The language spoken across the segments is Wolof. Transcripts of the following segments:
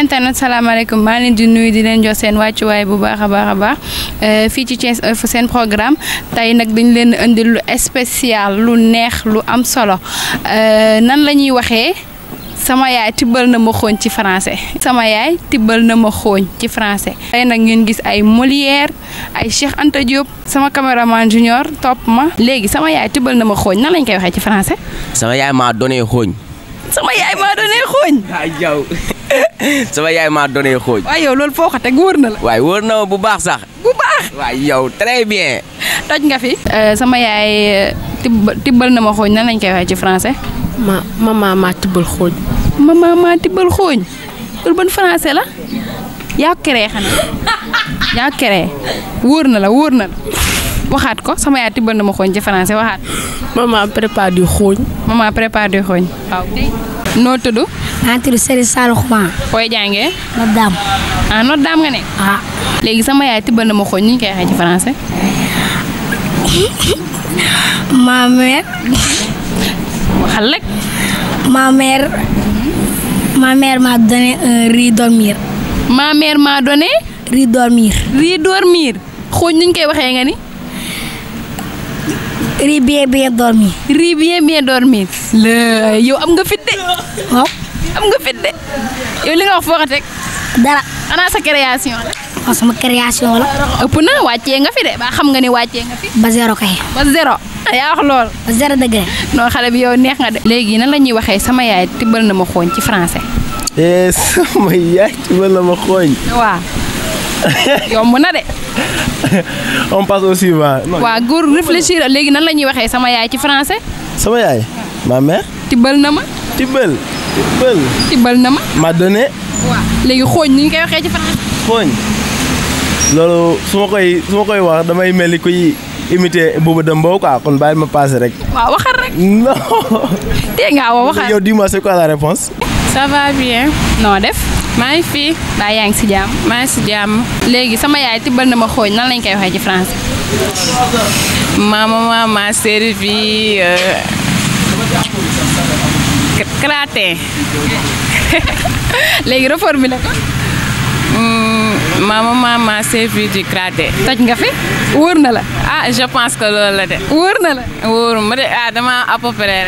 internet salaamaaleykum maa leen di nuyu di leen jox seen wàccuwaay bu baax a baax a baax eh, fii ci Thiès Info seen programme tey nag dañ leen indil lu spécial lu neex lu am solo eh, nan la ñuy waxee sama yaay tibbal na ma xooñ ci français sama yaay tibbal na ma xooñ ci français tey nag ngeen gis ay Molière ay Cheikh Anta Diop sama caméraman junior topp ma léegi sama yaay tibbal na ma xooñ nan lañ koy waxee ci français sama yaay maa donee xooñ sama yaay maa donee xooñ sama yaay ma donné xooj. waaye yow loolu foo ko teg na la. waaye wóor na bu baax sax. bu baax bien. toj nga fi. Euh, sama yaay euh, tibbal na ma xooj nan lañ koy waxee ci français. ma maman maa tibbal la. yaa wóor na la wóor na waxaat ko sama yaay tibbal na ma xooñ ci français waxaat. maman prépare du xooñ. maman prépare du xooñ waaw. noo tudd. maa ngi tudd Serigne Sall Xuman. fooy jàngee. ah Notre Dame nga ne. Ah. léegi sama yaay tibbal na ma xooñ ñu ngi koy waxee ci ma mère. waxal rek. ma mère. ma mère donné riz dormir. ma mère m'a donné. riz dormir. koy waxee nga ni. Ris bien bien dormi. Ris bien bien dormi. la yow am nga fit de. waaw am nga fit de yow li nga wax foo ko teg. dara. sa création la. Ah, sama création la. ëpp na wàccee nga fi de ba xam nga ni wàccee nga fi. ba zéro kay. ba zéro. yaa wax lool. ba zéro degré. non xale bi yow neex nga de. léegi nan la ñuy waxee sama yaay tibbal na ma xooñ ci français. Eh, sama yaay tibbal na ma xooñ. waaw. yomb na de. on passe suivant. waa góor réfléchir léegi nan la ñuy waxee sama yaay ci français. sama yaay. ma mère. tibbal na ma. tibbal. tibbal. na ma. ma donné. léegi xooñ ni ñu koy waxee ci français. xooñ loolu su ma koy wax damay mel ni kuy imité Bouba Demba quoi kon bàyyi ma passé rek. waaw waxal rek. non. tey ngaa woo waxal yow dis-moi c'est la réponse. ça va bien. noo def. maa ngi fii baa yaa ngi si jàmm maa ngi si jàmm léegi sama yaay tibbal na ma xooñ nan lañ koy waxee ci français. maama maama servi euh, cratin léegi reformulé ko. Hmm, maama maama servi di cratin. toj nga fi wóor na la. ah je pense que loolu la de. wóor na la. wóor ma de ah dama à peu près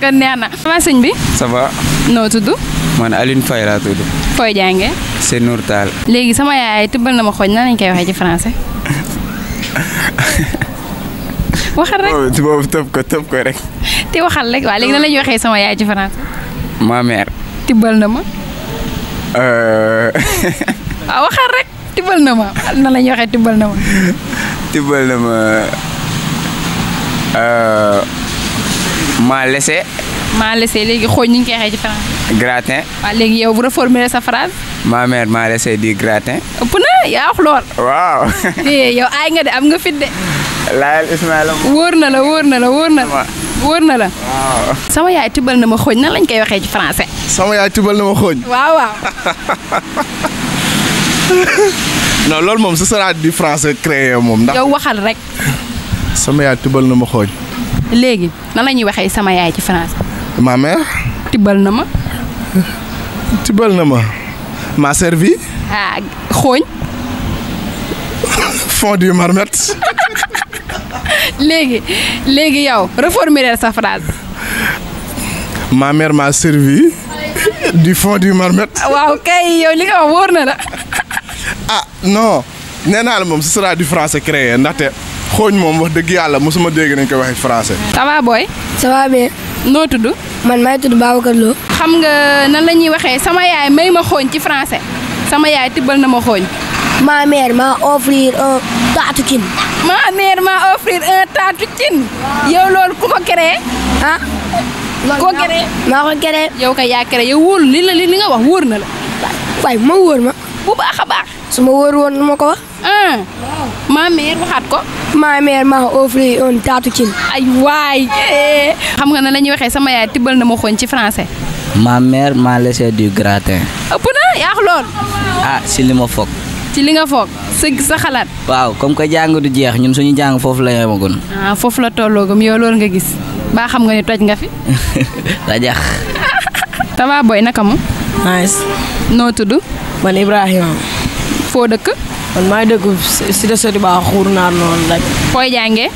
kon neex na. sama bi. ça va. noo tudd. man alin Faye laa tudd. fooy jàngee. c'est Nour Tall. léegi sama yaay tibbal na ma xooj na lañ koy waxee ci français. waxal rek ko rek. te waxal rek waa léegi nan la ñuy waxee sama yaay ci français. ma tibbal na ma. waaw euh. ah, waxal rek tibbal na ma nan la ñuy waxee tibbal na ma. tibbal na ma. Euh, maa lese. maa lese léegi xooj ni ñu koy waxee ci français. gratin. waaw léegi yow bu reformuler sa phrase. ma mère m'a laissé dire gratin. ëpp na yaa wax lool. waaw. Eh, yow aay nga de am nga fit de. laayal na la wóor na la wóor na la. wóor na la. sama yaay tibal na ma xooñ nan lañ koy waxee ci français. sama tibal na ma xooñ. waaw waaw. non loolu moom su ce sera du français créé moom ndax. yow waxal rek. sama yaay tibal na ma xooñ. léegi na la ñuy waxee sama yaay ci français. ma mère. tibal na ma. tibal na ma maa servi. Ah, xooñ. fond du marmet léegi léegi yow reformuler sa phrase. ma mère m'a servi di fond du marmette. waaw kay yow li nga wax wóor na la. ah non nee la moom ce sera di français créé ndaxte xooñ moom wax dëgg yàlla mosuma dégg nañ koy waxee français. ça va boy. ça noo tudd. man maay tudd Babacar Lo. xam nga nan la ñuy waxee sama yaay may ma xooñ ci français sama yaay tibbal na ma xooñ. ma mère m'a offrir taatu-cin. ma mère m'a offrir taatu-cin. yow loolu ko créé. ah. ko créé maa ko créé. yow kay yaa créé yow wóorul li la li nga wax wóor na la. waay ma wóor ma. bu baax a baax. su ma wóor woon nu ma ko wax. ah. ma mère waxaat ko. ma mère ma offrir un taatu cin. ay waay. xam nga ne la waxee sama yaay tibbal na ma xooñ ci français. ma mère m'a laissé du gratin. ëpp na yaax lool. ah si li ma foog. ci li nga foog sa sa xalaat. waaw comme que jàng du jeex ñun suñu jàng foofu la yemagoon. Ah, foofu la tolloogum yow loolu nga gis baa xam nga ne toj nga fi. rajax. tabaa booy naka mu. nice. noo tudd. man Ibrahima. foo dëkk. man maa ngi dëkk Cité Sodiba xuur naar noonu rek. fooy jànge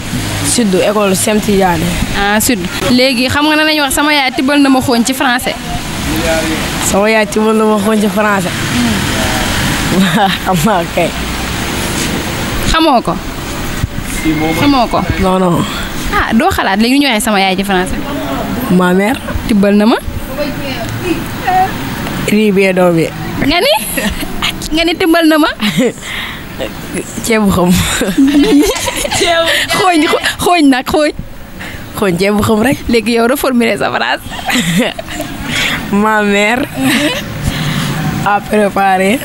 sud école Sem Tidiane. ah sud léegi xam nga na lañuy wax sama yaay tibbal na ma xooñ ci français. sama yaay ma xooñ xamoo ko. xamoo ko. non ah, léegi ñu sama yaay ci tibbal na ma. riz bee bi. nga ni nga ni tibbal na ma. ceebu xam. xooñ xooñ nag xooñ. xooñ ceebu xam rek. léegi yow reformuler sa phrase. ma mère a préparé.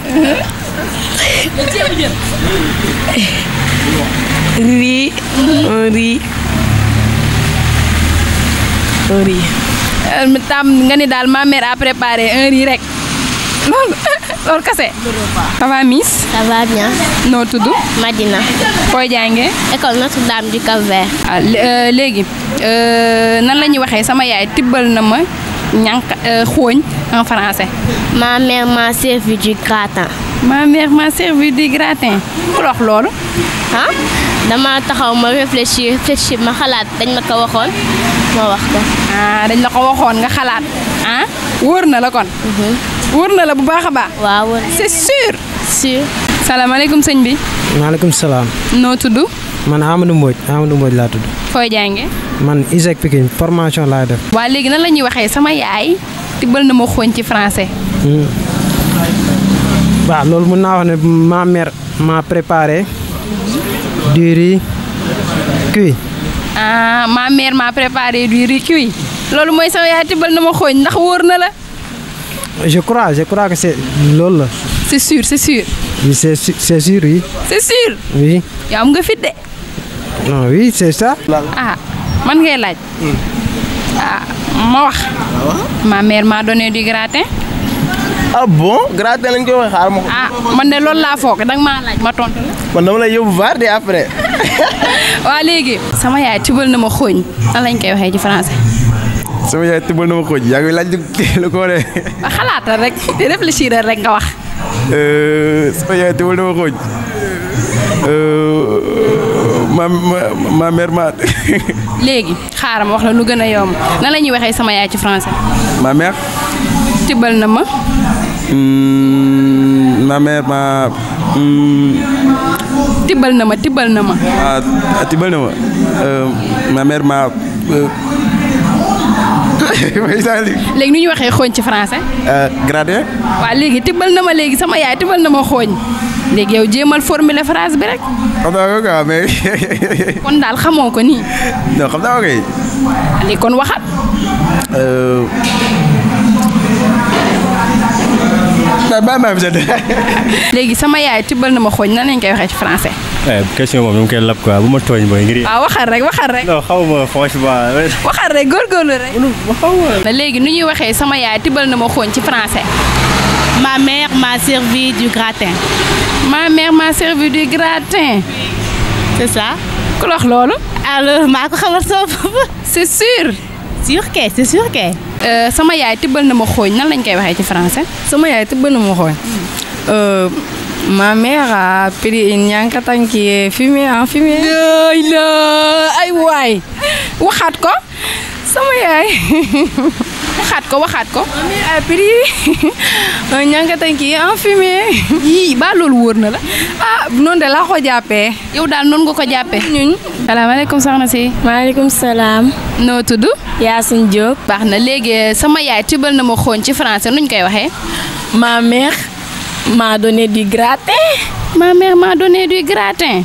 riz. un riz. un riz. Euh, tam nga ni daal ma mère a préparé un riz rek loolu kese. ça va Miss. ça va bien. noo tudd. Madina. fooy jàngee. école Notre-Dame du Cap-Vert. Ah, euh, léegi euh, nan la ñuy waxee sama yaay tibbal na ma ñànk euh, xooñ en français. ma mère m'a servi du gratin. ma mère m'a servi du gratin. ku wax loolu. ah dama taxaw ma réfléchir réfléchir ma xalaat dañ ma ko waxoon ma wax ko. ah dañ la ko waxoon nga xalaat. ah wóor na la kon. Mhm. wóor na la bu baax a baax. waaw wóor c'est sûr. sûr. salaamaaleykum sëñ bi. maaleykum salaam. noo tudd. man Amadou Mbodj Amadou Mbodj laa tudd. fooy jànge. man ISEC Pikine formation laay def. waa léegi nan la ñuy waxee sama yaay tibbal na ma xooñ ci français. Hmm. waaw loolu mën naa wax ma mère m'a préparé du riz ah, ma mère m'a préparé du riz loolu mooy sama yaay tibbal na ma xooñ ndax wóor na la. je crois je crois c'est loolu la. c'est sûr c'est sûr. am nga fit de. non ah oui c'est ah man ngay laaj. ah ma wax. ma mère m'a donné du gratin. ah bon gratin lañ koy wax xaar ma ko. ah man de loolu laa foog danga maa laaj ma tontu la. man dama lay yóbbu vaar de après. waa léegi. sama yaay tubal na ma xooñ. nan lañ koy waxee ji français. sama yaay tëbal na ma xooj yaa ngi laaj lu ko waree. ba xalaatal rek te réfléchir rek nga wax. Euh, sama yaay tëbal na ma euh, ma ma ma mère wax la lu gën a yomb nan la ñuy waxee sama ci français. ma na ma. Hmm, ma mère hmm. na ma tibal na ma. ah ma euh, ma ma. léegi nu ñu waxee xooñ ci français. Euh, gradé. waa léegi tibbal na ma léegi sama yaay tibbal na ma xooñ léegi yow jéemal formule phrase bi rek. xam naa ko quoi mais. kon daal xamoo ko nii. non xam naa ko kay. léegi kon euh, léegi sama yaay tibbal na ma xooñ na lañ koy waxee ci français. Eh, question moom ñu ngi koy lab quoi bu ma tooñ mooy ngir. waaw ah, waxal rek waxal rek. non xaw ma franchement. waxal rek léegi ni ñuy waxee sama yaay tibbal na ma xooñ ci français. ma mère m'a servi du gratin. ma mère m'a servi du gratin. c'est ça. ku la loolu. alors maa ko xamal sama papa. c'est sûr. sûr que euh, sama yaay tibbal na ma xooñ nan lañ koy waxee ci français. sama yaay tibbal na ma xooñ. Euh, Ma mère a pris une yankatan qui est fumée en ay waay waxaat ko sama yaay waxaat ko waxaat ko. Ma pris un yankatan en fumée. yii ba loolu wóor na la. ah noonu de laa ko jàppee. yow daal noon nga ko jàppee. ñun. salaamaaleykum soxna si. maaleykum salaam. noo tudd. Yacine Diop. baax na léegi eh, sama yaay tibal na ma xooñ ci français nuñ koy waxee. ma mère. m'a donné du gratin. ma mère m'a donné du gratin.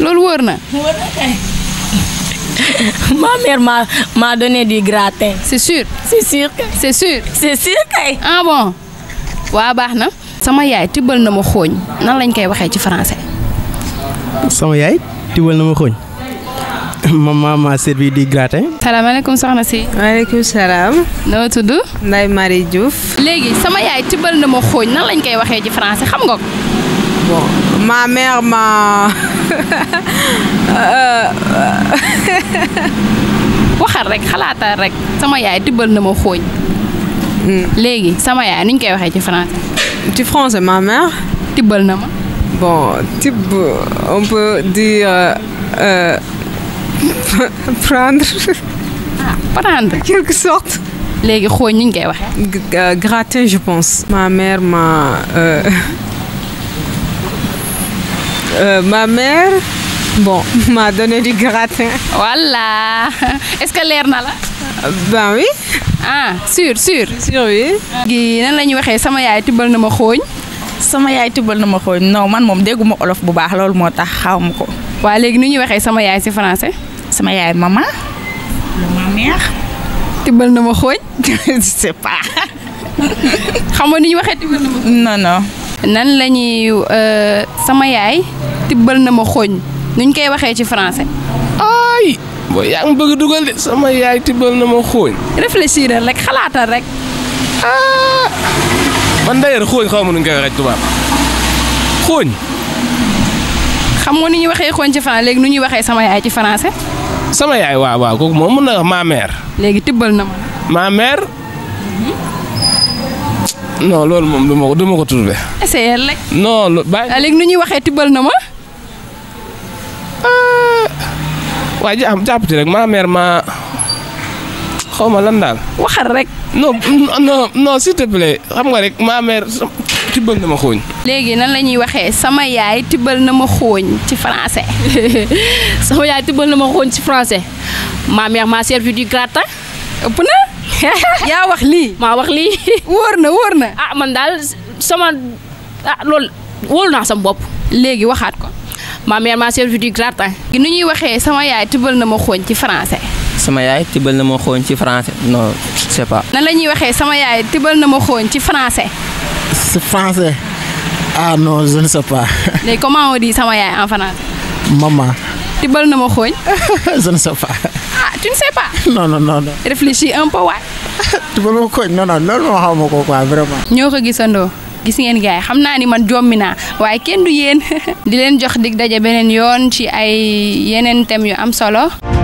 loolu wër na. ma mère m'a m'a donné du gratin. c'est sûr. c'est sûr ah waa baax na. sama yaay tibbal na ma xooñ nan lañ koy waxee ci français. sama yaay tibbal na ma xooñ. maman m'a servi du gratin. salaamaaleykum soxna si. maaleykum salaam. noo tudd. Ndeye Marie Diouf. léegi sama yaay tibbal na ma xooñ nan lañ koy waxee ci français xam nga ko. bon ma mère ma. Euh, euh. waxal rek xalaatal rek sama yaay tibbal na ma xooñ. Hmm. léegi sama yaay nuñ koy waxee ci français. ci français ma mère. tibbal na ma. bon tibb on peut dire. Euh, prendre. ah quelque sorte. léegi xooñ ñu ngi koy waxee. gratter je pense. ma mère ma euh, euh, ma mère bon m'a donné du gratin. voilà est que leer na la. ben oui. ah sûr sûr. sûr oui. gi nan la ñuy waxee sama yaay tibbal na ma xooñ. sama yaay tibbal na ma xooñ non man moom dégguma olof bu baax loolu moo tax xaw ma ko. waa léegi nu ñuy waxee sama yaay ci français. sama yaay maman. maman tibbal na ma xooñ. je sais pas. xam nga ni waxee tibbal na ma. nan la ñuy euh, sama yaay tibbal na ma xooñ nuñ koy waxee ci français. ay booy yaa ngi bëgg a dugal de sama yaay tibbal na ma xooñ. réfléchir rek xalaatal rek. Ah! man d'ailleurs xooñ xaw ma nu ñu koy waxee tubaab xooñ. xam nga ni ñuy waxee xooñ ci français léegi nu ñuy waxee sama yaay ci français. sama yaay waaw waaw kooku moom mën na wax ma mère. léegi tibbal na ma. ma mère. non loolu moom du ma ko ko trouvé. essayé rek. non loolu ah, bàyyi. ñuy waxee tibbal na ma. Ah, waaye ji am jàppati rek ma ma xaw ma lan daal. waxal rek. non non non s'il xam nga rek ma mère tibbal na ma xooñ. léegi nan la ñuy waxee sama yaay tibbal na ma xooñ ci français. sama yaay tibbal na ma xooñ ci français. ma m'a servi du gratin. ëpp yaa wax lii. maa wax lii. na wóor na. ah man sama ah loolu naa sama bopp. léegi waxaat ko. ma mère m'a servi du gratin. ni ñuy waxee sama yaay tibbal na ma xooñ ci français. sama yaay tibbal na ma xooñ ci français non je sais la ñuy waxee sama yaay tibbal na ma xooñ ci français. français ah non je ne sais pas. léegi comment on sama yaay en français. maman. tibbal na ma xooñ. je ne sais pas. ah tu ne sais pas. non non non. réfléchis un peu waay. tibbal ma xooñ non non loolu moo xaw ma ko quoi vraiment. ñoo ko gisandoo. gis ngeen gaay xam naa ni man jommi naa waaye kenn du yéen di leen jox dig daje beneen yoon ci ay yeneen thèmes yu am solo.